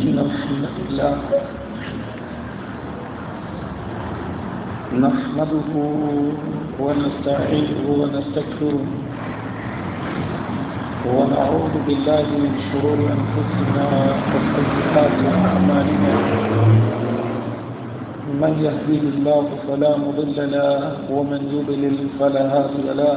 نحمده ونستعينه ونستكفره ونعوذ بالله من شرور أنفسنا وسيئات أعمالنا من يهديه الله فلا مضل له ومن يضلل فلا هادي له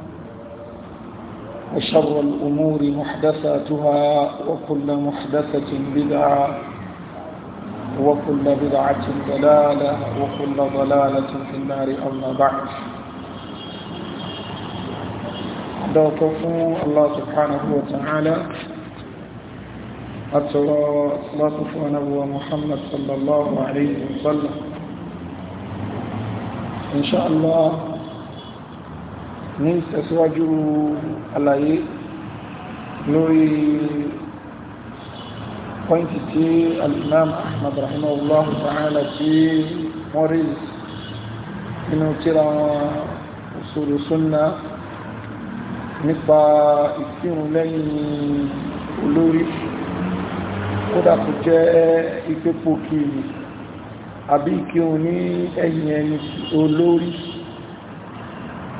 وشر الأمور محدثاتها وكل محدثة بدعة وكل بدعة ضلالة وكل ضلالة في النار أما بعد دوقفوا الله سبحانه وتعالى أترى صلاة ونبوة محمد صلى الله عليه وسلم إن شاء الله ní ìtẹ̀síwájú àlàyé lórí pọ́ìntì tí al-imam ahmad rahimahullah ta'ala tí wọ́n rí inú tíra usulu sunna nípa ìkírun lẹ́yìn olórí kódà kò jẹ́ ìpépò kìí àbí ìkírun ní ẹ̀yìn ẹni olórí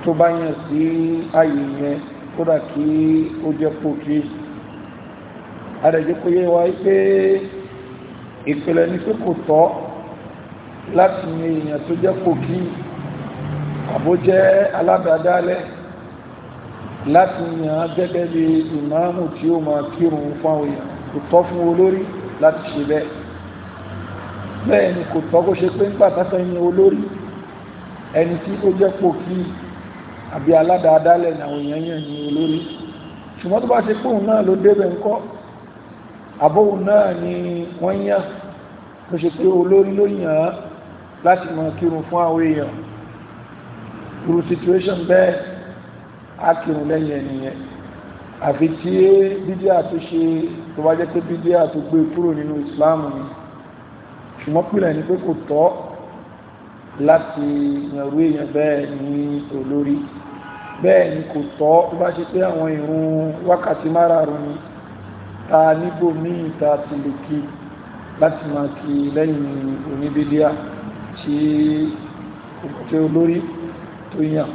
tó bá yàn sí ààyè yẹn kódà kí ó jẹ́ pòkí adẹ̀jẹ́kóyé wa pé ìpìlẹ̀ ní pé kò tọ́ láti ní èèyàn tó jẹ́ pòkí àbó jẹ́ aládàádálẹ̀ láti yàn gẹ́gẹ́ bí ìmáàmù tí ó máa kírun fáwọn èèyàn kò tọ́ fún olórí láti ṣe bẹ́ẹ̀ bẹ́ẹ̀ ni kò tọ́ kó ṣe pé ń pàtàkì ní olórí ẹni tí ó jẹ́ pòkí àbí aládàádálẹ̀ ní àwọn èèyàn yàn ní olórí ṣùgbọ́n tó bá ṣe pòun náà ló débẹ̀ ń kọ́ àbóhùn náà ni wọ́n yàn tó ṣe pé olórí ló yàn án láti mọ̀ kírun fún àwọn èèyàn irú situation bẹ́ẹ̀ á kírun lẹ́yìn ẹnìyẹn àfi tí bídíà tó ṣe tó bá jẹ́ pé bídíà tó gbé kúrò nínú ìsìláàmù ni ṣùgbọ́n pìlẹ̀ ni pé kò tọ́ láti yanrú èèyàn bẹ́ẹ̀ ní olórí bẹ́ẹ̀ ni kò tọ́ tó bá ṣe pé àwọn ìrun wákàtí márààrún ni ta níbò míì ta ti lè kí láti máa kí lẹ́yìn oníbídíà tí òkùnkùn olórí tó yàn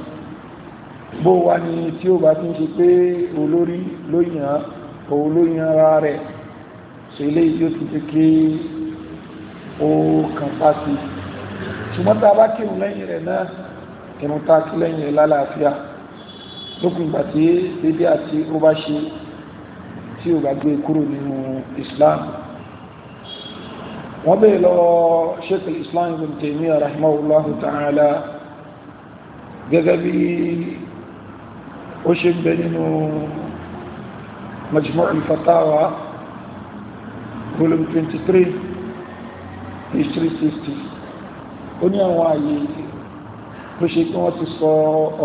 bó wá ní tí ó bá ti ń ṣe pé olórí ló yàn òun ara rẹ̀ ṣe eléyìí yóò ti jẹ́ kí ó kàn pàṣẹ ṣùgbọ́n tá a bá kírun lẹ́yìn rẹ̀ náà irun tá a kí lẹ́yìn rẹ̀ lálàáfíà lókun ìgbà tí dédé àti ó bá ṣe tí ó bá gbé e kúrò nínú Islam wọ́n bèèrè lọ́wọ́ Sheikh islam ibn Taymiyyah rahimahullahu ta'ala gẹ́gẹ́ bí ó ṣe ń nínú Majmu' al volume 23 history 60 ó ní àwọn ààyè ló ṣe kí wọ́n ti sọ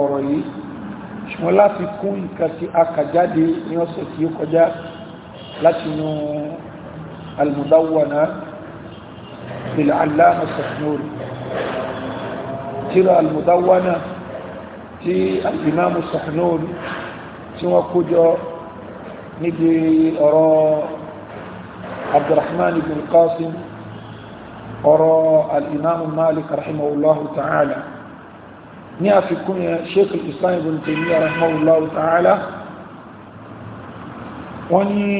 ọ̀rọ̀ yìí ṣùgbọ́n láti kún nǹkan tí a kà jáde ní ọ̀sẹ̀ tí ó kọjá láti inú almudawana bil'allama Sahnuri tíra almudawana tí alìmáàmù tí wọ́n kójọ níbi ọ̀rọ̀ Abdurrahman ibn Qasim ọ̀rọ̀ al'imamu malik rahimahullahu ta'ala ní àfikún yẹn sheikh islam ibn taymiyyah rahimahullahu ta'ala wọ́n ní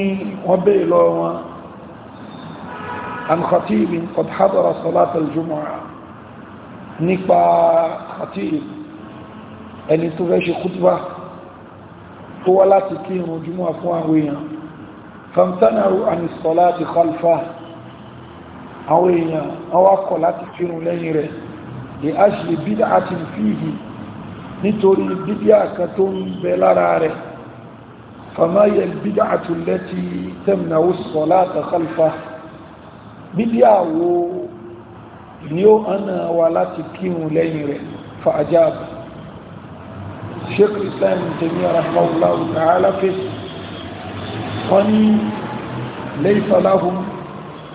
wọ́n bèèrè lọ wọn an khatibin qad hadara salat al-jumu'ah nípa khatib ẹni tó fẹ́ ṣe khutbah tó wá láti kírun jumu'ah fún àwọn èèyàn famtanaru an as-salati àwọn èèyàn awakọ̀ láti fírun lẹ́yìn rẹ̀ lè á ṣe bídá àti fíìhì nítorí bídá kan tó ń bẹ lára rẹ̀ fàmáyẹ̀ bídá àtúnlẹ́tì tẹ́mìnàwó sọ̀lá àtàkálfà bídá wo ni ó hànà wa láti kírun lẹ́yìn rẹ̀ fa àjáàbù sheikh islam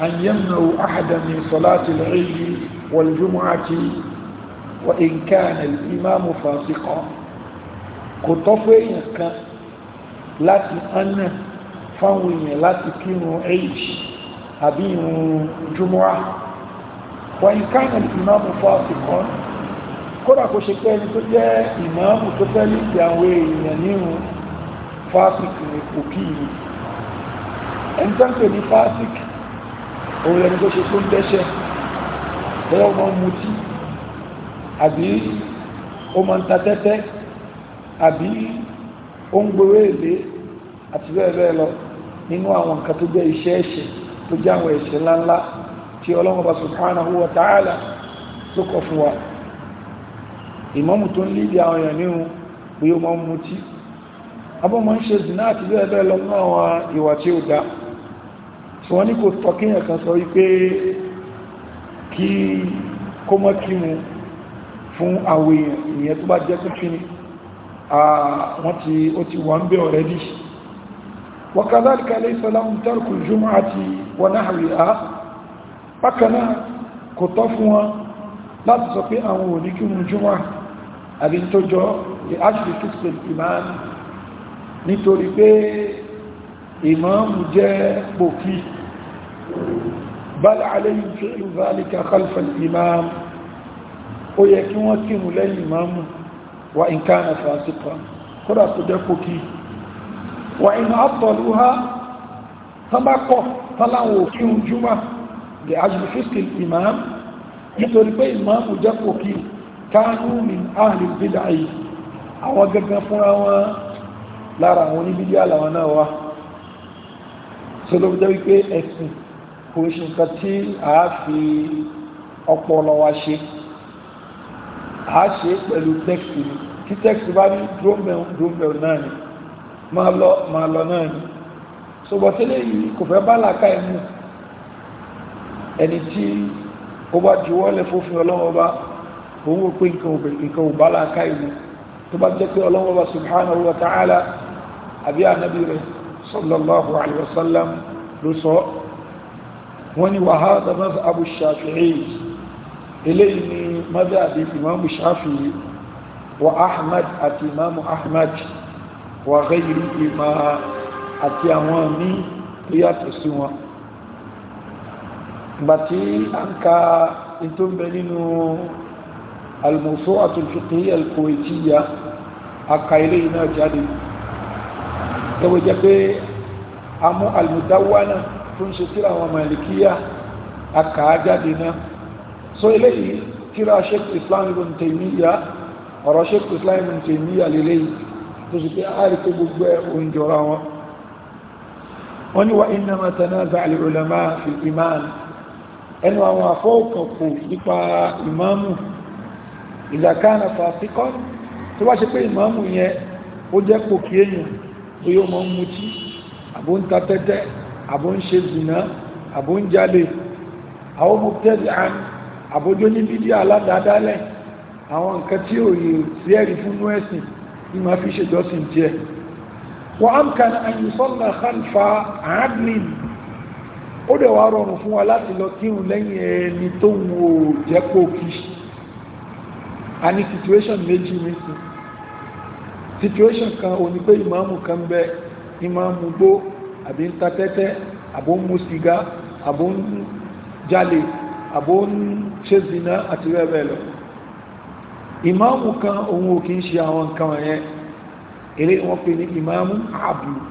أن يمنعوا أحدا من صلاة العيد والجمعة وإن كان الإمام فاسقا كتفين كان láti ánà fáwọn èèyàn láti kírun èjì àbí ìrun jùmọ́ra wà ní káàkiri ìmáàmù fásitì kan kódà kó ṣe pé ẹni tó jẹ́ ìmáàmù tó fẹ́ lìtì àwọn èèyàn nírun fásitì ní òkú ìlú ẹni tó ń pè ní fásitì òun lẹni tó ṣe tó ń dẹ́ṣẹ̀ bẹ́ẹ̀ wọ́n mutí àbí ó máa ń ta tẹ́tẹ́ àbí ó ń gbowó èlé àti bẹ́ẹ̀ bẹ́ẹ̀ lọ nínú àwọn nǹkan tó jẹ́ iṣẹ́ ẹ̀ṣẹ̀ tó jẹ́ àwọn ẹ̀ṣẹ̀ ńláńlá tí ọlọ́run bá subhanahu wa ta'ala tó kọ fún wa ìmámù tó ń lídìí àwọn èèyàn nínú pé ó máa ń ìwà tí ó dáa so wọ́n ní kò tọ́ kíyàn kan sọ wípé kí kó mọ́ kí mu fún àwọn èèyàn ìyẹn tó bá jẹ́ tó kí ni wọ́n ti ó ti wà ń bẹ́ already وكذلك ليس لهم ترك الجمعة ونحوها بكنا كطفوا لا nítorí pé ìmáàmù jẹ́ bòkí bal alayhim fi'lu dhalika khalfa al-imam ó yẹ kí wọ́n kí mú lẹ́yìn imamu wa in kana fasiqan kódà kó jẹ́ kó kí wa in abtaluha tábàkọ̀ táláwọn òkíhun júmọ́ lè ajúfíṣkì imam nítorí pé imamu jẹ́ kó kí kánú min ahli bid'ah yìí àwọn gẹ́gẹ́ fúnra wọn lára àwọn oníbídíà làwọn náà wá sọlọ́bùdá wípé ẹ̀sìn kò ń ṣe nǹkan tí a fi ọpọlọ wa ṣe a ṣe pẹ̀lú tẹ́kìtì ni tí tẹ́kìtì bá ní dromel dromel náà ni máa lọ máa lọ náà ni sọ̀bọ̀tẹ́lẹ̀ yìí kò fẹ́ bá làákà ẹ̀ mú ẹni tí ó bá juwọ́ lẹ̀ fófin ọlọ́wọ́ bá òun wò pé nǹkan ò bá làákà ẹ̀ mú tó bá jẹ́ pé ọlọ́wọ́ bá subhanahu wa ta'ala àbí ànábì rẹ̀ sallallahu alaihi wasallam ló sọ ọ́ wọ́n ni wàhálà mazhabu shafi'i eléyìí ni mazhabi imamu shafi'i wa ahmad àti imamu ahmad wa ghayri ima àti àwọn ní tó yàtọ̀ sí wọn gbàtí a ń ka ètò nínú al-mawsu'atu al-fiqhiyya aka eléyìí náà jáde tó jẹ́ pé a mú al náà tó ń ṣe tíra àwọn malikiya akàájáde náà so eléyìí tíra sheikh islam ibn taymiya ọ̀rọ̀ sheikh islam ibn taymiya lélẹ́yìí tó sì pé àárí tó gbogbo ẹ̀ oúnjọra wọn wọ́n ni wa innama tanaza al-ulama fi iman ẹnu àwọn afọ́ọ̀kọ̀kù nípa ìmáàmù ìdàkánà fàásíkọ́ tó wá ṣe pé ìmáàmù yẹn ó jẹ́ pòkí èèyàn tó yóò mọ́ mú tí àbóǹta tẹ́tẹ́ àbó ń ṣe zìnà àbó ń jalè àwọn mọ̀tẹ́lì àn àbójó ní bídí aládàádálẹ̀ àwọn nǹkan tí ò yìí sí ẹ̀rí fúnnú ẹ̀sìn ní ma fi ṣèjọsìn díẹ̀ wọ́n á ń kan àyùsọ́nà khalfa adlin ó dẹ̀ wá rọrùn fún wa láti lọ kírun lẹ́yìn ẹni tó wo jẹ́pọ̀ kí a ní situation méjì nísìn situation kan ò ní pé ìmáàmù kan bẹ ìmáàmù gbó àbí ń ta tẹ́tẹ́ àbó ń mu sìgá àbó ń jalè àbó ń ṣe zina àti bẹ́ẹ̀ bẹ́ẹ̀ lọ ìmáàmù kan òun ò kí ń ṣe àwọn nǹkan ẹ̀yẹn eré wọn pè ní ìmáàmù àbùlù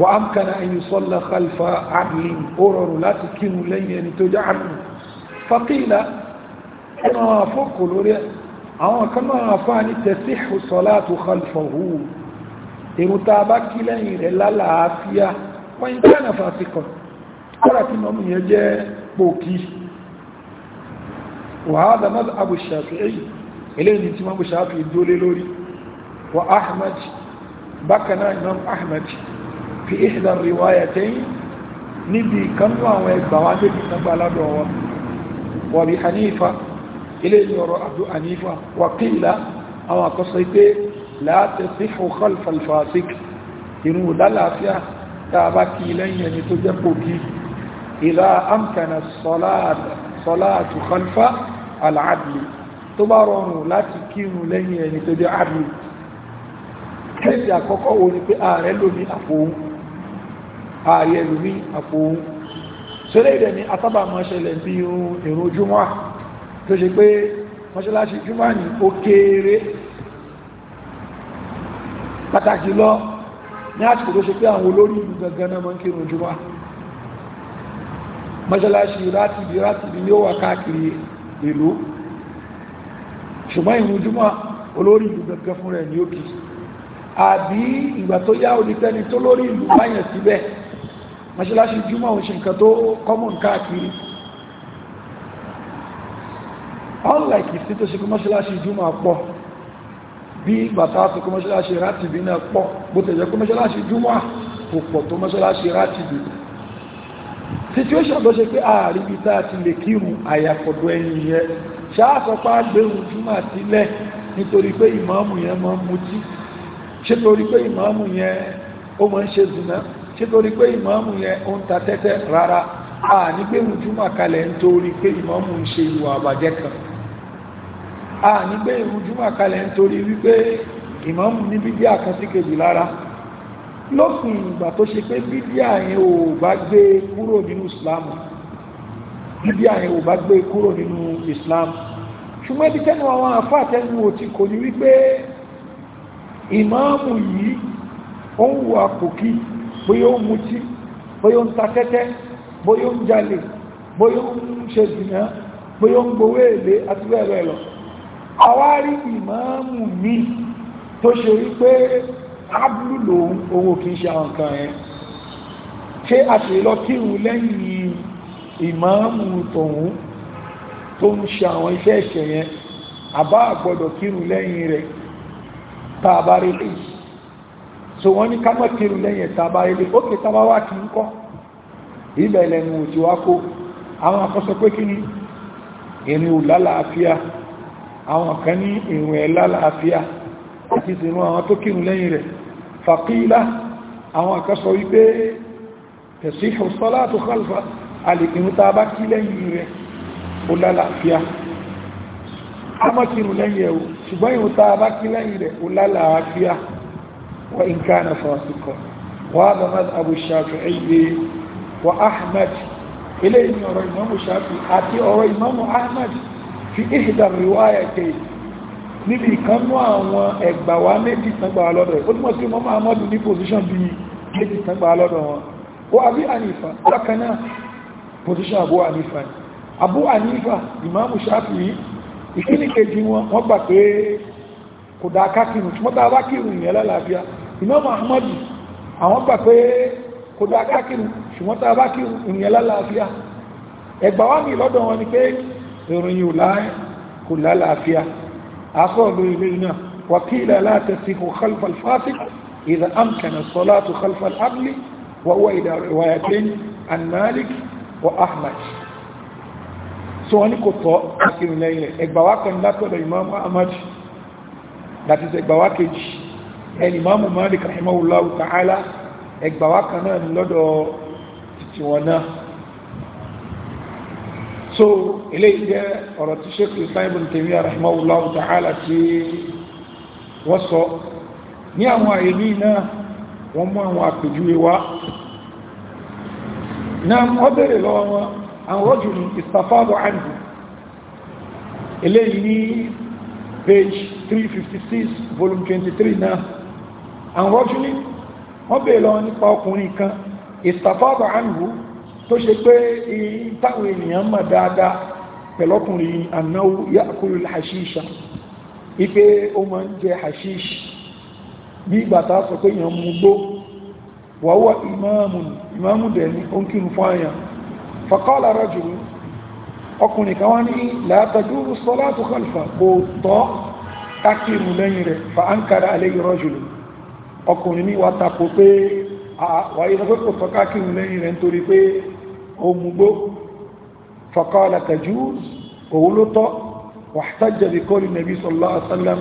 wa amkana an yusalla khalfa adlin ororo láti kinu lẹ́yìn ẹni tó jẹ́ adlin faqila ẹnu àwọn lórí àwọn kan náà afá ní tẹ̀síhù salatu khalfahu èrùn tá a bá kí lẹ́yìn rẹ̀ lálàáfíà wọ́n yí kánà fàfikọ̀ kọ́rà tí mọ́mù yẹn jẹ́ pòkí wàhálà mọ́dá Abu Shafi'i eléyìn tí mọ́mù Shafi'i dólé lórí wa Ahmad bákaná Imam Ahmad fi ihda riwayatayn níbi kanú àwọn ẹgbà wá láti síhù kọlfà alfasik irun lálàáfíà tàbá kí lẹ́yìn ẹni tó jẹ́ pòkí ìlà amkana sọ́láàtù kọlfà al'adli tó bá rọrùn láti kírun lẹ́yìn ẹni tó jẹ́ adli kẹsì àkọ́kọ́ wo ni pé ààrẹ lómi àpòun ààrẹ lómi àpòun sọ́lẹ̀ pàtàkì lọ ní àsìkò tó ṣe pé àwọn olórí ìlú gangan náà mọ́ ń kírun jù wá mọ́ṣáláṣí rátìbí rátìbí yóò wà káàkiri ìlú ṣùgbọ́n ìrun jùmọ́ olórí ìlú gangan fún rẹ̀ ní òkè àbí ìgbà tó yá onítẹ́ni tó lórí ìlú báyẹ̀ síbẹ̀ mọ́ṣáláṣí jùmọ́ òun ṣe nǹkan tó kọ́mọ̀ káàkiri unlike ìsìn tó ṣe kó mọ́ṣáláṣí jùmọ́ pọ̀ bí bàtà tó kọ́ mọ́ṣáláṣí ráti bí náà pọ̀ bó tẹ̀jẹ́ kọ́ mọ́ṣáláṣí júmọ́ kò pọ̀ tó mọ́ṣáláṣí ráti bí situation tó ṣe pé ààrí bí tá ti lè kírun àyàfọ̀dọ̀ ẹni yẹ ṣáàsọpá gbẹ̀rún júmọ́ sílẹ̀ nítorí pé ìmáàmù yẹn máa ń mutí ṣé torí pé ìmáàmù yẹn ó máa ń ṣe zùnà ṣé torí pé ìmáàmù yẹn ó ń a nígbé ìrun júmọ̀ kalẹ̀ nítorí wípé ìmáàmù ní bídíà kan sí kejì lára lópin ìgbà tó ṣe pé bídíà yẹn ò bá gbé kúrò nínú ìsìláàmù bídíà yẹn ò bá gbé kúrò nínú ìsìláàmù ṣùgbọ́n ibi tẹ́nu àwọn àfáà tẹ́nu ò ti kò ní wípé ìmáàmù yìí ó ń wo àpòkí bóyá ó mutí bóyá ó ń ta tẹ́tẹ́ bóyá ó ń jalè bóyá ó ń ṣe dìnnà bóyá ó ń gbowó èlé àti bẹ́ẹ̀ bẹ́ẹ̀ lọ àwárí ìmáàmù mi tó ṣe rí pé ábúlù lòun owó kìí ṣe àwọn kan ẹ̀ ṣé a ṣe lọ kírun lẹ́yìn ìmáàmù tòun tó ń ṣe àwọn iṣẹ́ ẹ̀ṣẹ̀ yẹn àbá àgbọ́dọ̀ kírun lẹ́yìn rẹ̀ so wọ́n ní ká má kírun lẹ́yìn tá a ókè tá a kí ń kọ́ ni èmi ò lálàáfíà àwọn kan ní ìrùn ẹ̀lá àlàáfíà àti ìsìnú àwọn tó kírun lẹ́yìn rẹ̀ fàkílá àwọn kan sọ wípé tẹ̀sí ìṣọ́lá tó kálfà alìkìrún tàà bá kí lẹ́yìn rẹ̀ ó lálàáfíà a mọ́ kírun lẹ́yìn ẹ̀wò ṣùgbọ́n ìrùn tàà bá kí lẹ́yìn rẹ̀ ó lálàáfíà أرى إمام الشافعي أتي أرى إمام أحمد fi ihda riwayatayn níbi ìkánú àwọn ẹgbàwá méjì tangba lọ́dọ̀ rẹ̀ ó túnmọ̀ sí mọ́mọ́ amọ́dún ní pòsíṣàn bí méjì tangba lọ́dọ̀ wọn ó Abi Hanifa lákaná pòsíṣàn Abu Hanifa ni Abu Hanifa Imamu Shafi'i ìkíní kejì wọn wọ́n gbà pé kò dá kákìrùn tí wọ́n bá wá kìrùn ìyẹn lálàáfíà Imamu Ahmadu àwọn gbà pé kò dá kákìrùn ṣùgbọ́n tá a bá kìrùn ìyẹn lálàáfíà ẹgbàwá lọ́dọ̀ wọn ni pé irun yìí kò lálàáfíà asọ́ọ̀lù ilé iná wàkílẹ̀ látẹ̀síkò khalfal fásik إذا أمكن الصلاة خلف العقل وهو إلى روايتين عن مالك وأحمد so wọ́n ní kò tọ́ akínú lẹ́yìn rẹ̀ ẹgbàwá kan látọ̀dọ̀ ìmáàmù ahmad that is ẹgbàwá kejì so eléyìí jẹ́ ọ̀rọ̀ tí sheikh islam ibn Taymiyyah rahimahullahu ta'ala tí wọ́n sọ ní àwọn àyè ní náà wọ́n mú àwọn àpèjúwe wá náà wọ́n bèèrè lọ́wọ́ wọn àwọn rọ́jù ní istafado anhu eléyìí ní page 356 volume 23 náà àwọn rọ́jù ní wọ́n bèèrè lọ́wọ́ nípa ọkùnrin kan istafado anhu tó ṣe pé táwọn ènìyàn mọ̀ dáadáa pẹ̀lọ́kùnrin anáwó yàkúrú hashisha ipe ó máa ń jẹ hashish bí ìgbà tá a sọ pé èèyàn mú gbó wàwọ́ ìmáàmù dẹ̀ni ó ń kírun fún àyàn faqala rajul ọkùnrin kan wá ní la tajuzu salatu khalfa kò tọ́ kákìrù lẹ́yìn rẹ̀ fa ankara alayhi rajul ọkùnrin ní wàtàkù pé wàyí lọ́pẹ́ kò tọ́ kákìrù lẹ́yìn rẹ̀ nítorí pé omugbó faqala tajuz òun ló tọ́ wahtajja bi qawli nabi sallallahu alaihi wasallam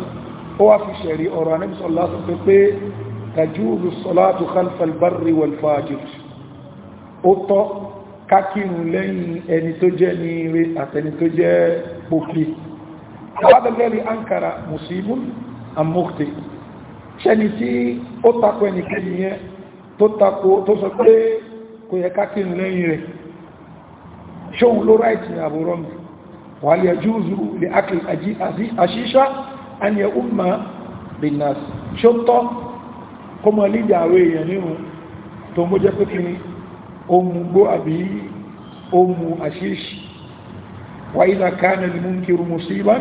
ó wá fi ṣẹ̀rí ọ̀rọ̀ anábi sallallahu alaihi wasallam pé tajuz salatu khalfa al-barri wal-fajir ó tọ́ kákírun lẹ́yìn ẹni tó jẹ́ ní ire àtẹni tó jẹ́ pókè alábẹ̀lẹ́rí ẹnikẹ́ni yẹn tó sọ pé kò yẹ kákírun lẹ́yìn rẹ̀ ṣóhun ló ráìtì ní àbúrọ́ mi wà lè júùzù lè ákìlì àṣíṣá àni ẹ̀hùnmá bìnàs ṣó tọ́ kó mọ̀ lídì àwọn èèyàn nínú tó mú jẹ́ pípín ohun gbó àbí ohun àṣíṣì wà ìlà káàmì ní mú kí rúmù sí ibá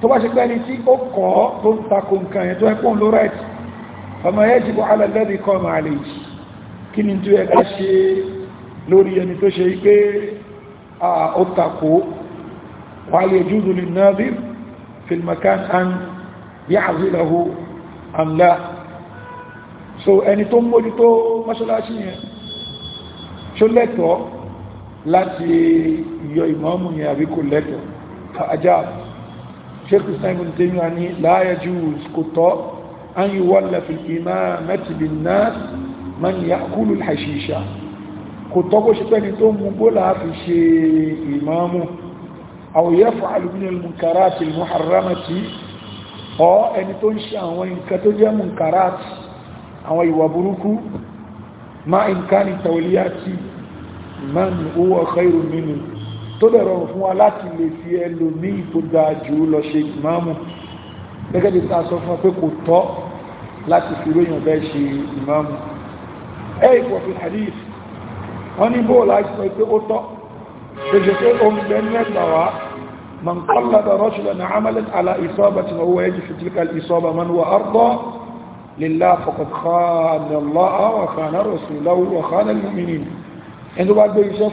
tó bá ṣe pẹ́ ní tí ó kọ́ tó ń takò nǹkan ẹ̀ tó ẹ̀pọ̀n ó takò wàlẹ̀ jùzù lè náàbí filmakan an yá àzílẹ̀hù so ẹni tó ń mójútó mọ́ṣálásí yẹn ṣó lẹ́tọ̀ọ́ láti yọ ìmọ̀ọ́mù yẹn àbí kò lẹ́tọ̀ọ́ fa ajá sheikh simon teyua ni láyé jùz kò tọ́ an yíwọ́lẹ̀ fil imamati bin nas man ya'kulu kò tọ́ kó ṣe pẹ́ni tó mú bóla fi ṣe ìmáàmù àwòyẹ́ fún alùmínil munkarati muharramati ọ ẹni tó ń ṣe àwọn nǹkan tó jẹ́ munkarati àwọn ìwà burúkú ma nǹkan ni tawliyati man huwa khairu minhu tó dẹ̀rọ fún wa láti lè fi ẹlòmí tó dáa ròyìn ọ̀bẹ́ ṣe ìmáàmù ẹ̀ẹ́kọ̀ fi hadith wọ́n ní bó láìsọ pé ó tọ́ ṣeṣe pé o ń bẹ ní ẹgbà wá man kọ́lọ̀dọ̀ rọ́ṣùlọ̀ na amalin ala isọ́ba tí wọ́n yẹ́ jù fi tilkal isọ́ba man wa ardo lilla faqad khana Allah wa khana rasulahu wa khana al-mu'minin ẹni tó bá gbé iṣẹ́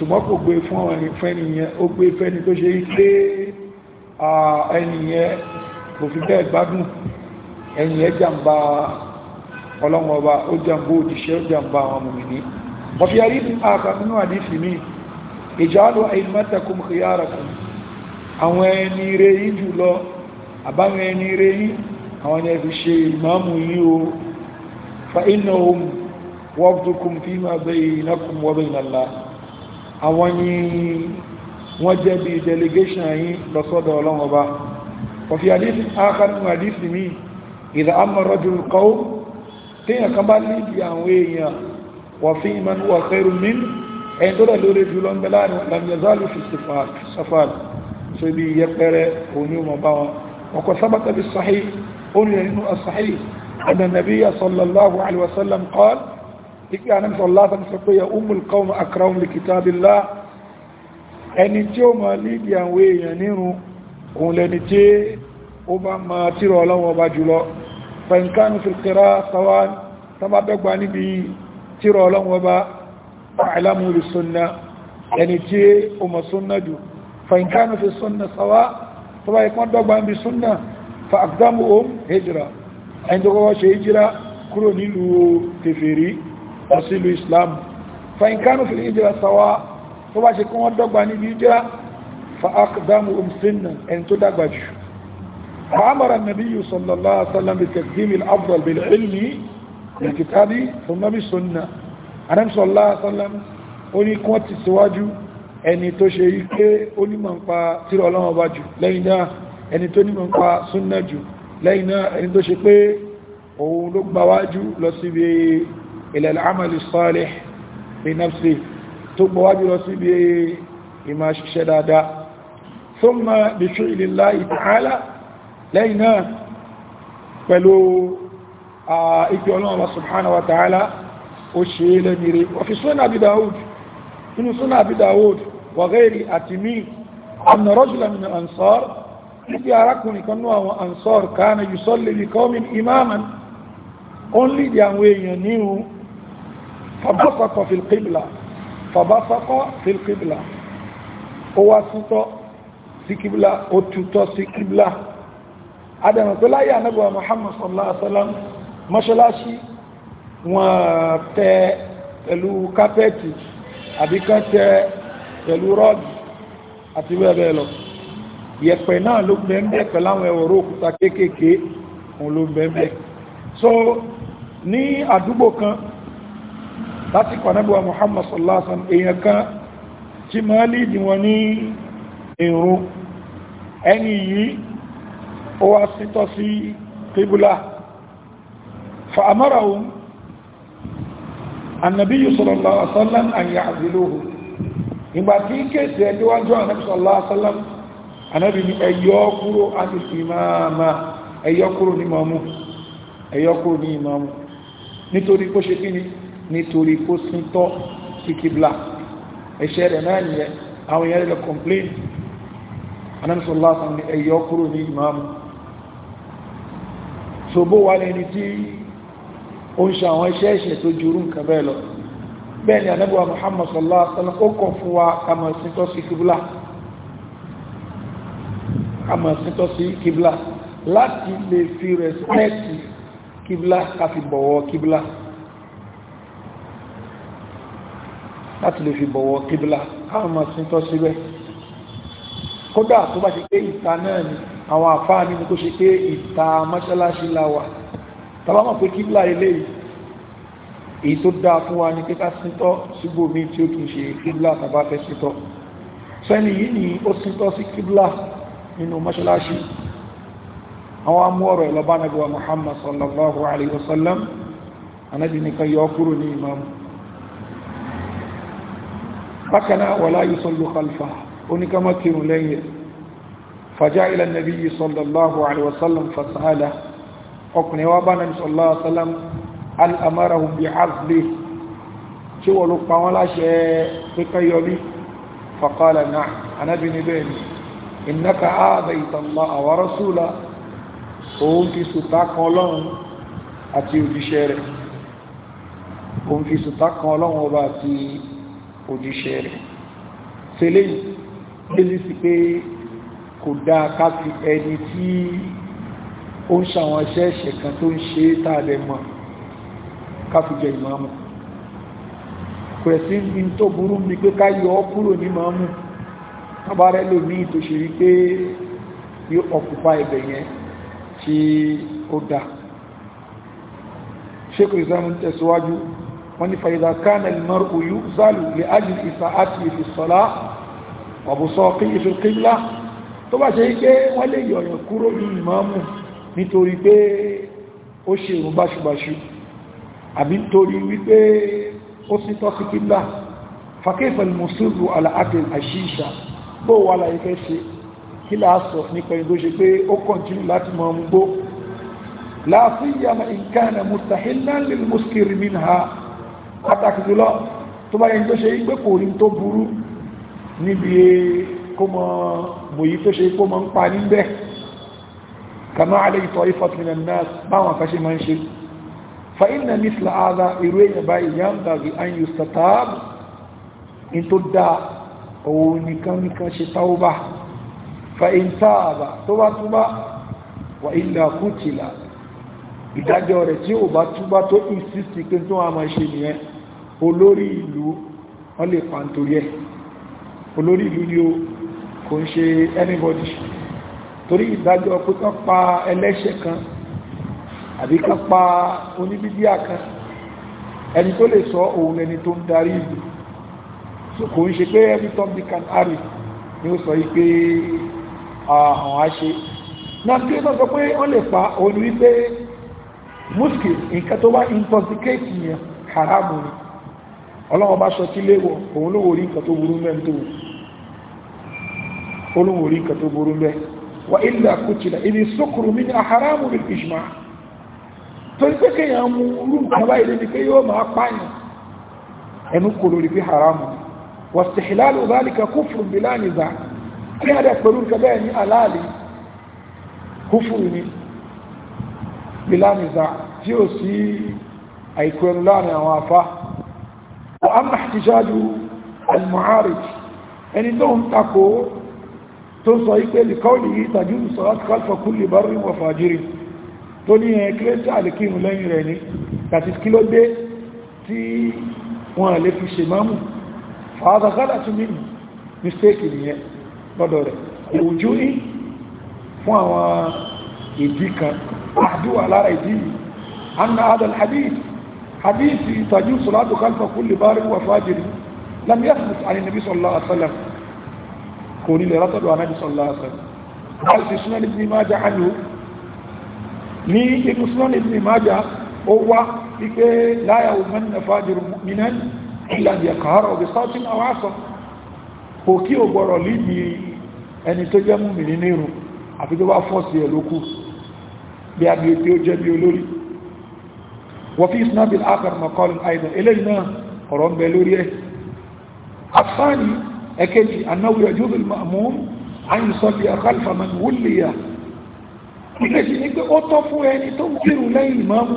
ṣùgbọ́n kò gbé fún ẹniyẹn ó gbé fẹ́ni tó ṣe pé ẹniyẹn kò fi bẹ́ẹ̀ gbádùn ẹniyẹn jàmbá ọlọ́wọ́ ọba ó jàmbá òjíṣẹ́ ó jàmbá àwọn mùmìnì wọ́n fi ayé ní àkà nínú àdífì mi ìjọ́lù àìmọ́tẹ̀kùn kìyàràkùn àwọn àwọn yìí wọ́n jẹ́ bí delegation yìí lọ́sọ́dọ̀ ọlọ́run ọba ọ̀fí àdísì ákàtún àdísì mi ìdá amọ̀rọ̀jù kọ́ téèyàn kan bá níbi àwọn èèyàn wà fí ìmọ̀ wà kẹrù mí ẹni tó dẹ̀ lórí jùlọ ń bẹ láàrin lamiyazalu fi safad so ibi yẹpẹrẹ òní ikú àníṣọ́ látàrí sọ pé ya umul qawm akram li kitabillah ẹni tí ó ma lídì àwọn èèyàn nírun òun lẹni tí ó bá ma tírọ ọlọ́wọ́ bá jùlọ fẹ̀nkánu fìkìrá sawan tàbábẹ́gbà níbi tírọ ọlọ́wọ́ bá àìlàmù lè kúrò nílùú tèfèrí lọ sí ìlú islam fàyínkánù fi ìjìra sàwá tó bá ṣe kí wọ́n dọ́gba níbi ìjìra fa'akdamu umsinna ẹni tó dàgbà jù fa'amara nabiyyu sallallahu alaihi wasallam bi taqdim al-afdal bil ilmi bil kitabi thumma bi sunna anam sallallahu alaihi wasallam ó ní kí wọ́n ti síwájú ẹni tó ṣe yí pé ila al-amal as-salih fi nafsi tó gbọ́wájú lọ sí bí ìmá ṣiṣẹ́ dáadáa thumma bi fi'li Allahi ta'ala lẹ́yìn náà pẹ̀lú ìpẹ́ ọlọ́run subhanahu wa ta'ala ó ṣe lẹ́mìírí wa fi sunan Abi Dawud inú sunan Abi Dawud wa ghairi àti níbi arákùnrin kan náà àwọn ansar kana yusalli li qawmin imaman ó ń lìdí àwọn èèyàn níhun fàbásakọ̀ fìlkìbìlà fàbásakọ̀ fìlkìbìlà ó wá tútọ́ sí kìbìlà ó tútọ́ sí kìbìlà adẹ̀mọ̀ pé láyé anábọ̀ Muhammad sallallahu alaihi wasallam mọ́ṣáláṣí wọ́n tẹ pẹ̀lú kápẹ́ẹ̀tì àbíkán tẹ pẹ̀lú rọ́ọ̀dì àti bẹ́ẹ̀ bẹ́ẹ̀ lọ yẹ̀pẹ̀ náà ló bẹ́ẹ̀ pẹ̀lú àwọn so ní àdúgbò kan lásìkò anábíwá muhammad sallallahu alaihi wasallam èèyàn kan tí máa lídì wọn ní ìrún ẹni yìí ó wá sítọ́ sí kíbùlá fa amarahum annabiyu sallallahu alaihi wasallam an ya'ziluhu ìgbà tí kéèsì ẹdíwájú anábí sallallahu alaihi wasallam anábí ni ẹyọ kúrò àti ní ìmáàmù nítorí kó ṣe kí ni nítorí kó súntọ́ sí kíblà ẹ̀ṣẹ̀ rẹ̀ náà nìyẹn àwọn èèyàn rẹ̀ complain anamsọ̀lásán ni ẹ̀yọ́ kúrò ní ìmáàmù so bó wà lẹ́ni tí ó ń ṣe àwọn iṣẹ́ ẹ̀ṣẹ̀ tó jùrú nǹkan bẹ́ẹ̀ lọ bẹ́ẹ̀ ni anábíwa Muhammad sallallahu alaihi wasallam láti lè fi bọ̀wọ̀ kíbílà káwọn máa sin tọ́ síbẹ̀ kódà tó bá ti pé ìta náà ni àwọn àfáà nínú kó ṣe pé ìta mọ́ṣáláṣí la wà tàbá mọ̀ pé kíbílà eléyìí èyí tó dáa fún wa ní kíká síntọ́ sígbò mi tí ó kìí ṣe kíbílà tàbá fẹ́ síntọ́ sẹ́ni yìí ni ó síntọ́ sí kíbílà nínú mọ́ṣáláṣí àwọn amú ọ̀rọ̀ ìlọ́bánagbà Muhammad sallallahu alaihi wasallam anábìnrin kan yọ kúrò ní ìmáàmù bákaná wala yusallu khalfa oníkàmá kírun lẹ́yìn fàjá ila nabiyyi sallallahu alaihi wasallam fasala ọkùnrin wa bá nàbí sallallahu alaihi wasallam al'amarahun bi azli tí wọ́n ló pa wọ́n láṣẹ pẹ́kẹ́ yọrí faqala náà anábì ní bẹ́ẹ̀ ni innaka aadaita Allah wa rasula òun fi sùtá ojúṣe rẹ̀ tẹ́lẹ̀ yìí sí pé kò dáa ká fi ẹni tí ó ń ṣàwọn iṣẹ́ ẹ̀ṣẹ̀ kan tó ń ṣe tààdẹ̀ mọ̀ ká fi jẹ ìmáàmù pẹ̀sí ní tó burú ní pé ká yọ ọ́ kúrò ní máàmù abárẹ́ lò ní ìtòṣì rí yóò ọkùpa ẹ̀bẹ̀ yẹn tí ó dáa ṣé tẹ̀síwájú wọ́n ní fàyíza kánà ìmọ̀rù òyú zálù lè ájì ìsà àti ìfìsọ́lá ọ̀bùsọ́ kí ìfìkílá tó bá ṣe pé wọ́n lè yọ̀yàn kúrò ní ìmáàmù nítorí pé ó ṣe ìrùn báṣubàṣu àbí nítorí wípé ó sì tọ́ sí kílá fàkẹ́fẹ̀lì mùsùlùmù àṣíṣà bó wà láyé fẹ́ ṣe kí láàsọ nípa ìdó ṣe pé ó kọ̀ntínú láti mọ̀ ọmọ gbó láàfíyàmà ìkànnà mùsàhìlá lè mùsùkìrì mìíràn pàtàkì jùlọ tó bá yẹn tó ṣe pé kò rí tó burú níbi kó mọ mòyí tó ṣe kó mọ ń pa níbẹ̀ kàmá alẹ́ ìtọ̀ ìfọ̀tìmìnà fa'ina misla aza irú èyàn báyìí yá ń bàbí an yóò sàtàbù in tó dá òun nìkan nìkan ṣe tauba fa'in tààbà tó bá túbá wà ilẹ̀ kútìlá ìdájọ́ rẹ̀ tí ó olórí ìlú wọ́n lè pa nítorí ẹ̀ olórí ìlú ni ó kò ń ṣe anybody torí ìdájọ́ pé kán pa ẹlẹ́ṣẹ̀ kan àbí kán pa oníbíbíà kan ẹni tó lè sọ òun ẹni tó ń darí ìlú so kò ń ṣe pé every time they can harry ni ó sọ wípé àwọn àṣe náà kí ló sọ pé wọ́n lè pa òun wípé muslim nǹkan tó bá intoxicate yẹn haramu ni ọlọ́wọ́ bá sọ tí léwọ̀ òun lówó rí nǹkan tó burú mẹ́ tó olówó rí nǹkan tó burú mẹ́ wà ilẹ̀ àkútìlá ìdí sókùrù mi ní àhárámù bil ijma tó ń pẹ́kẹ́ yà mú rú nǹkan báyìí lé ní pé yóò máa pààyàn ẹnu kò lórí pé haramu wà stihlalu dhalika kufrun bila niza kí a dẹ̀ pẹ̀lú nǹkan bẹ́ẹ̀ ní aláàlì kúfùrù ni bila niza tí ó sí àìkú ẹnu láàrin àwọn afá وأما احتجاج المعارض يعني دون تقو تصيب لقوله تجوز الصلاة خلف كل بر وفاجر توني اكلت على كيم لين ريني تاتي كيلو دي تي وان لي في فهذا غلط منه mistake nìyẹn lọ́dọ̀ rẹ̀ ìwùjú ní fún àwọn ìdí kan àdúwà lára ìdí حديث تجوز صلاة خلف كل بار وفاجر لم يثبت عن النبي صلى الله عليه وسلم كوني لرطل عن النبي صلى الله عليه وسلم قال في سنن ابن ماجه عنه ني ابن سنن ابن ماجه هو لا يؤمن فاجر مؤمنا إلا أن يقهره بصوت أو عصا kò kí o gbọ́rọ̀ líbi ẹni tó jẹ́ mú mi nínú àfi tó bá fọ́ sí ẹ̀ lókù bí agbègbè ó jẹ́ bí olórí وفي إسناد الآخر مقال أيضا إلينا قرآن بلوريه الثاني أكيد أنه يجوز المأموم أن يصلي خلف من ولي ìkejì ní pé ó tọ́ fún ẹni tó ń kírù lẹ́yìn ìmáàmù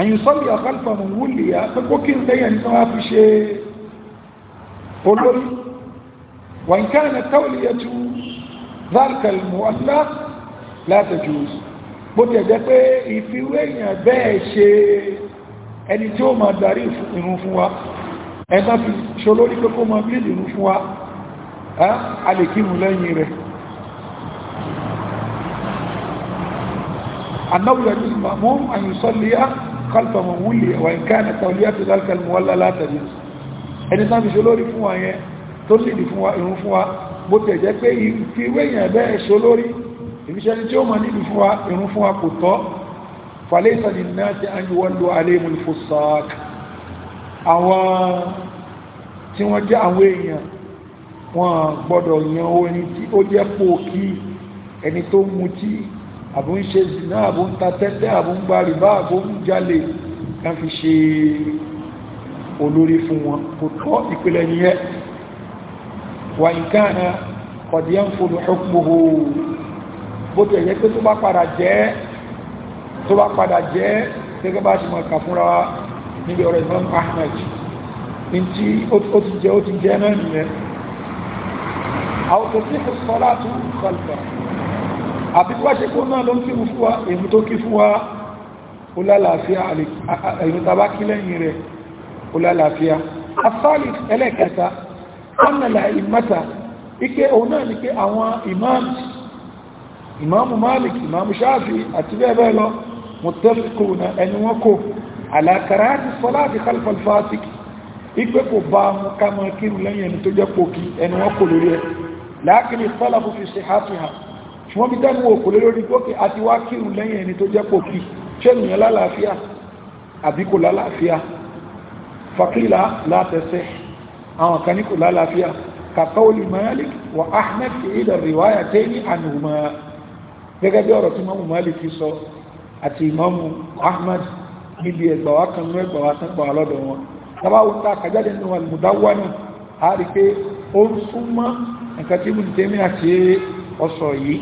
àyìnsọ́lì àkálfà mọ̀ wúlì yá pé kó kírù lẹ́yìn ẹni tó wá fi ṣe olórí wà ń káàna káwìlì bó tẹ̀ jẹ́ pé ìfiwé èèyàn bẹ́ẹ̀ ṣe ẹni tí ó máa darí ìrun fún wa ẹ̀ta fi ṣolórí pé kó máa bílì ìrun fún wa a lè kírun lẹ́yìn rẹ̀ annáwùlẹ̀ ní ìmàmú àyùsọ́lẹ́yà kálfàmù wúlẹ̀ wà ń ká ẹ̀tàwùlẹ́yà tó dálkàlù bó tẹ̀ jẹ́ pé ìfiwé èèyàn bẹ́ẹ̀ ṣolórí ìbíṣẹ́ni tí ó mọ̀ nílùú fún wa irun fún wa kò tọ́ falẹ́sà ní náà ti an yíwọ́n lo aléèmù ní fòsàk àwọn tí wọ́n jẹ́ àwọn èèyàn wọ́n gbọ́dọ̀ yan orin tí ó jẹ́ pòkí ẹni tó mutí àbú ń ṣe zìnà àbú ń ta tẹ́tẹ́ àbú ń kan fi ṣe olórí fún wọn kò tọ́ ìpìlẹ̀ nìyẹn wà nǹkan àná kọ̀díyàn fòdù ọkùnrin bó ti ẹ̀yẹ pé tó bá padà jẹ́ tó bá padà jẹ́ gẹ́gẹ́ bá ti mọ̀ ẹ̀ka fúnra wa níbi ọ̀rọ̀ Imam Ahmed ní tí ó ti jẹ́ ó ti jẹ́ náà nìyẹn àwọn tó ti sọ látú kọlùkọ àbí tó wá ṣe kó náà ló ń kí fún wa èmi tó kí fún wa ó lálàáfíà èmi tàbá kí lẹ́yìn rẹ̀ ó lálàáfíà afáàlì ẹlẹ́kẹta ọ̀nàlà ìmọ́ta ike òun náà ni pé àwọn imams imamu malik imamu shafi àti bẹ́ẹ̀ bẹ́ẹ̀ lọ mutafikuna ẹni wọn kò alákàrá ti sọ́lá àti khalfal fasik ipe kò bá mú ká máa kírun lẹ́yìn ẹni tó jẹ́ pòkí ẹni wọn kò lórí ẹ láàkiri sọ́lábù fi ṣe hàtì hàn ṣùgbọ́n bí dánu òkò lé lórí gòkè àti wá kírun lẹ́yìn ẹni tó jẹ́ pòkí ṣé ènìyàn lálàáfíà àbí kò lálàáfíà fakila látẹsẹ̀ àwọn tẹ́ ní ànùmọ̀yálì gẹ́gẹ́ bí ọ̀rọ̀ tí mọ́mù Malik fi sọ àti ìmọ́mù Ahmad níbi ẹgbàwá kan ní ẹgbàwá kan gbà lọ́dọ̀ wọn tàbáwò ta kàjáde nínú alìmùdáwà náà a rí pé ó ń súnmọ́ nǹkan tí mùn tẹ́mí àti ọ̀sọ̀ yìí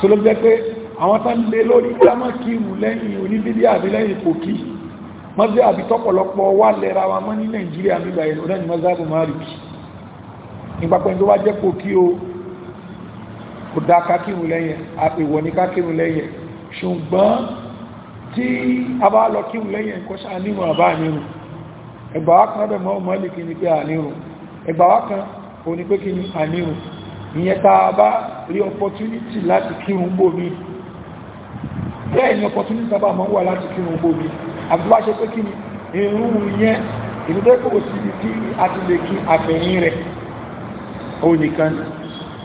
tó ló jẹ́ pé àwọn tán lé lórí gámà lẹ́yìn oníbílí àbí lẹ́yìn kòkí mọ́sí àbí tọ́pọ̀lọpọ̀ wà lẹ́ra wa mọ́ ní Nàìjíríà nígbà ẹ̀rọ náà ni mọ́sáàbù Malik nípa pẹ̀lú wá jẹ́ kòkí o kò dá kákírun lẹ́yìn àpèwọ̀ ní kákírun lẹ́yìn ṣùgbọ́n tí a bá lọ kírun lẹ́yìn nǹkan ṣe àníwọ̀n àbá àníwọ̀n ẹgbà wá kan bẹ̀mọ́ mọ́lì kí ni pé àníwọ̀n ẹgbà kan ò ní pé kí ni àníwọ̀n ìyẹn tá bá rí opportunity láti kírun gbò mí bẹ́ẹ̀ ni opportunity sábà máa ń wà láti kírun gbò mí àbí wá ṣe pé kí ni irun yẹn ìlú tẹ́kọ̀ọ́ sí ti àti lè kí àfẹ̀yìn rẹ̀ òun nìkan ni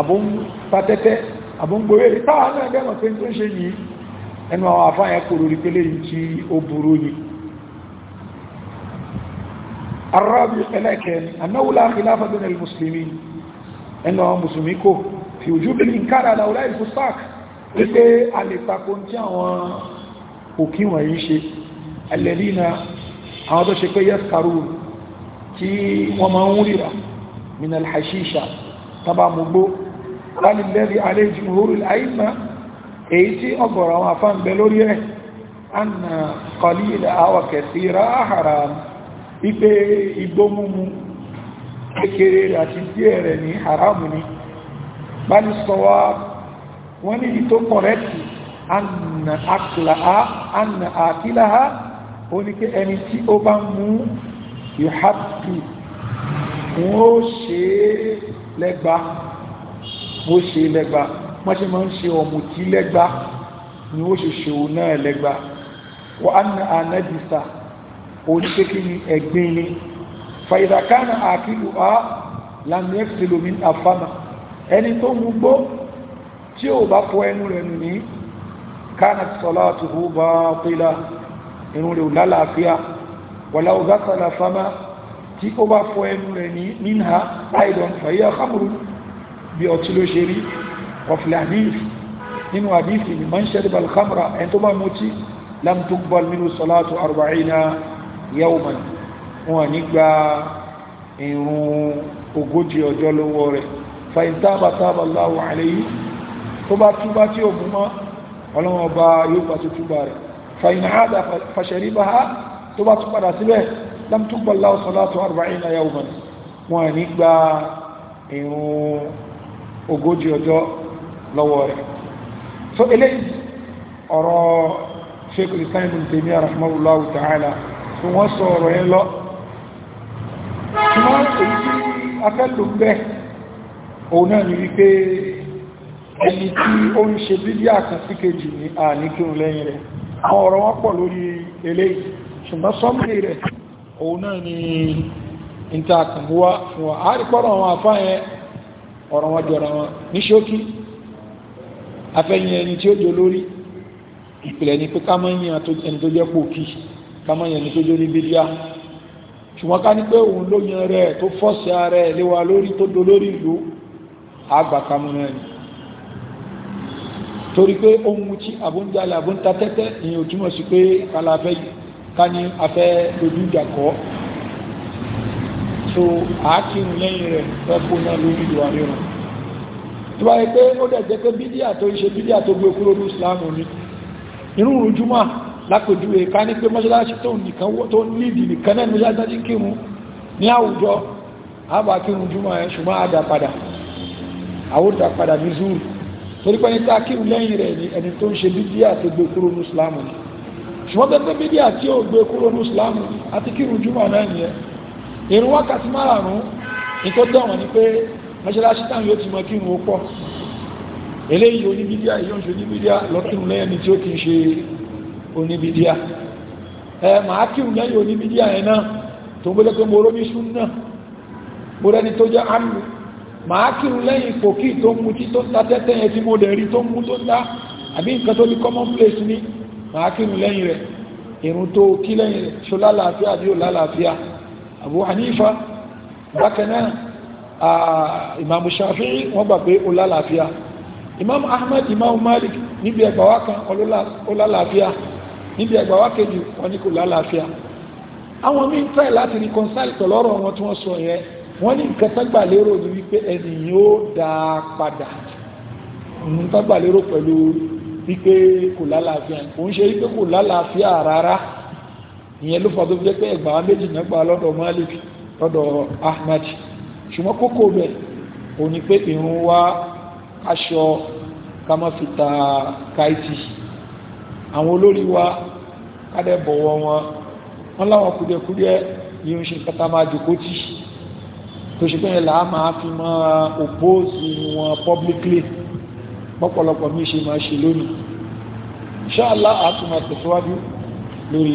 àbò ń patẹ́tẹ́ àbò ń gbòrè táà náà gẹ́mọ̀ pé tó ń ṣe yìí ẹnu àwọn àfáyà kòrò rí pélé yìí tí ó burú ni arábì ẹlẹ́kẹ́ anáwòlá ìlàfàdún el musulmi ẹnu tí wọ́n máa ń ríra minal hashisha tàbá mugbó alìlẹ́rí alẹ́ jùmúhúrù àìmá èyí tí ọgbọ̀rọ̀ àwọn afá ń bẹ lórí rẹ̀ anà kọlí ilẹ̀ àwọn kẹsí ra àhàrà ipé igbómúmú kékeré àti díẹ̀ rẹ̀ ní haramu ni bá ní sọwá wọ́n ní ìtó kọ̀rẹ́tì anà àkíláha ó ní kí ẹni tí ó bá mú ìhàpì wọ́n ó ṣe lẹ́gbàá bó ṣe lẹ́gba wọ́n ṣe máa ń ṣe ọ̀mùtí lẹ́gba ni ó ṣe ṣòwò náà lẹ́gba wọ́n á na anẹ́bìsà ni ẹ̀gbin ni fàyíṣàkánà àkílù á lamẹ́sìlómi àfámà ẹni tó mú gbó tí ó bá fọ ẹnu rẹ̀ nù ní kánà sọ́lá àtúhù bá pílá irun rẹ̀ lálàáfíà wàlá ọgásàlá fámà tí ó bá fọ ẹnu rẹ̀ ní nínà àìdàn fàyíṣàkámùrù bí ọtí ló ṣe rí ọ̀fìlàníf nínú àdífì ni man shariba al-khamra ẹni tó bá mutí lam tuqbal minhu salatu arba'ina yawman wọn nígbà ìrun ogójì ọjọ́ lọ́wọ́ rẹ̀ fa in taba taba Allahu alayhi tó bá túbá tí ò mú mọ́ ọlọ́wọ́ bá yóò ogójì ọjọ́ lọ́wọ́ rẹ̀ so eléyìí ọ̀rọ̀ sheikh islam ibn taymiya rahimahullahu ta'ala tí wọ́n sọ ọ̀rọ̀ yẹn lọ sọ èyí tí afẹ́lò bẹ́ òun náà ni wípé ẹni tí ó ń ṣe bídí àkànsí kejì ní àníkírun lẹ́yìn rẹ̀ àwọn ọ̀rọ̀ wọn pọ̀ lórí eléyìí ṣùgbọ́n sọ́mìlì rẹ̀ òun náà ni ìta àkànbúwá fún àárípọ̀rọ̀ àwọn àfáyẹn ọ̀rọ̀ wọn jọra wọn ní ṣókí afẹ́yìn ẹni tí ó jọ lórí ìpìlẹ̀ ni pé kámọ́yìn ẹni tó jẹ́ pòkì kámọ́yìn ẹni tó jọ ní bídíà ṣùgbọ́n ká ní pé òun ló yan rẹ̀ tó fọ́ọ̀sì ara ẹ̀ léwa lórí tó do lórí ìlú àgbà kámọ́yìn ẹni torí pé ó ń mutí àbúntatẹ́tẹ́ ìyẹn ò túmọ̀ sí pé kálá afẹ́ ká ní afẹ́ dojú ìjà kọ́ so àákìrún lẹ́yìn rẹ̀ fẹ́kù náà lórí ìlú àríwá tó bá yẹ pé ó dẹ̀ jẹ́ pé bídíà tó ń ṣe bídíà tó gbé kúrò ní ìsìláàmù ni irú ìrújúmọ́ lápèjúwe ká ní pé mọ́ṣáláṣí tó nìkan tó nídìí nìkan náà mọ́ṣáláṣí kírun ní àwùjọ àbá kírun júmọ́ ẹ̀ ṣùgbọ́n àdá padà àwòdà padà ní zuru torí pé ní ká kírun lẹ́yìn rẹ̀ ni ẹni tó ń ṣe bídíà tó gbé kúrò ní ìsìláàmù ni ṣùgbọ́n pé bídíà tí ó gbé kúrò ní ìsìláàmù àti kírun júmọ́ náà nìyẹn irun wákàtí márùn-ún ní tó dọ̀wọ̀n ni pé mọ́ṣáláṣí táwọn yóò ti mọ kí irun ó pọ̀ eléyìí oníbídíà yóò ṣe oníbídíà lọ́kìrùn lẹ́yìn tí ó kìí ṣe oníbídíà ẹ máa kírùn lẹ́yìn oníbídíà ẹ̀ náà tó ń gbọ́dọ̀ pé mo rómi sún náà mo rẹni tó jẹ́ àmì máa kírùn lẹ́yìn kòkí tó mú tí tó ń ta tẹ́tẹ́ ẹ tí mo dẹ̀ rí tó mú tó ń ta àbí nǹkan tó ní common place ni máa kírùn lẹ́yìn rẹ̀ ìrùn tó kí lẹ́yìn rẹ̀ ṣó lálàáfíà bí ó lálàáfíà Abu Hanifa bákan náà Imam Shafi'i wọ́n gbà pé ó lálàáfíà Imam Ahmad Imam Malik níbi ẹgbà wá kan ó lálàáfíà níbi ẹgbà wá kejì wọ́n ní kò lálàáfíà àwọn míì ń tẹ̀ láti reconcile pẹ̀lú ọ̀rọ̀ wọn tí wọ́n sọ yẹn wọ́n ní nǹkan tágbà ní wípé ẹni yóò dá padà nǹkan tágbà pẹ̀lú wípé kò lálàáfíà kò ń ṣe wípé kò lálàáfíà rárá ìyẹn ló fà tó fi jẹ́ pé ẹgbàá méjì náà gbà lọ́dọ̀ Malik lọ́dọ̀ Ahmad ṣùgbọ́n kókó bẹ̀ ò ní pé ìrun wá aṣọ ká káìtì àwọn olórí wa kádẹ bọ̀wọ̀ wọn wọn láwọn kúdẹkúdẹ yìí ń ṣe kẹta máa jòkó tì tó ṣe pẹ́yìn là máa fi máa òpóòsì wọn publicly pọ́pọ̀lọpọ̀ mi ṣe máa ṣe lónìí inshallah àtúmọ̀ tẹ̀síwájú lórí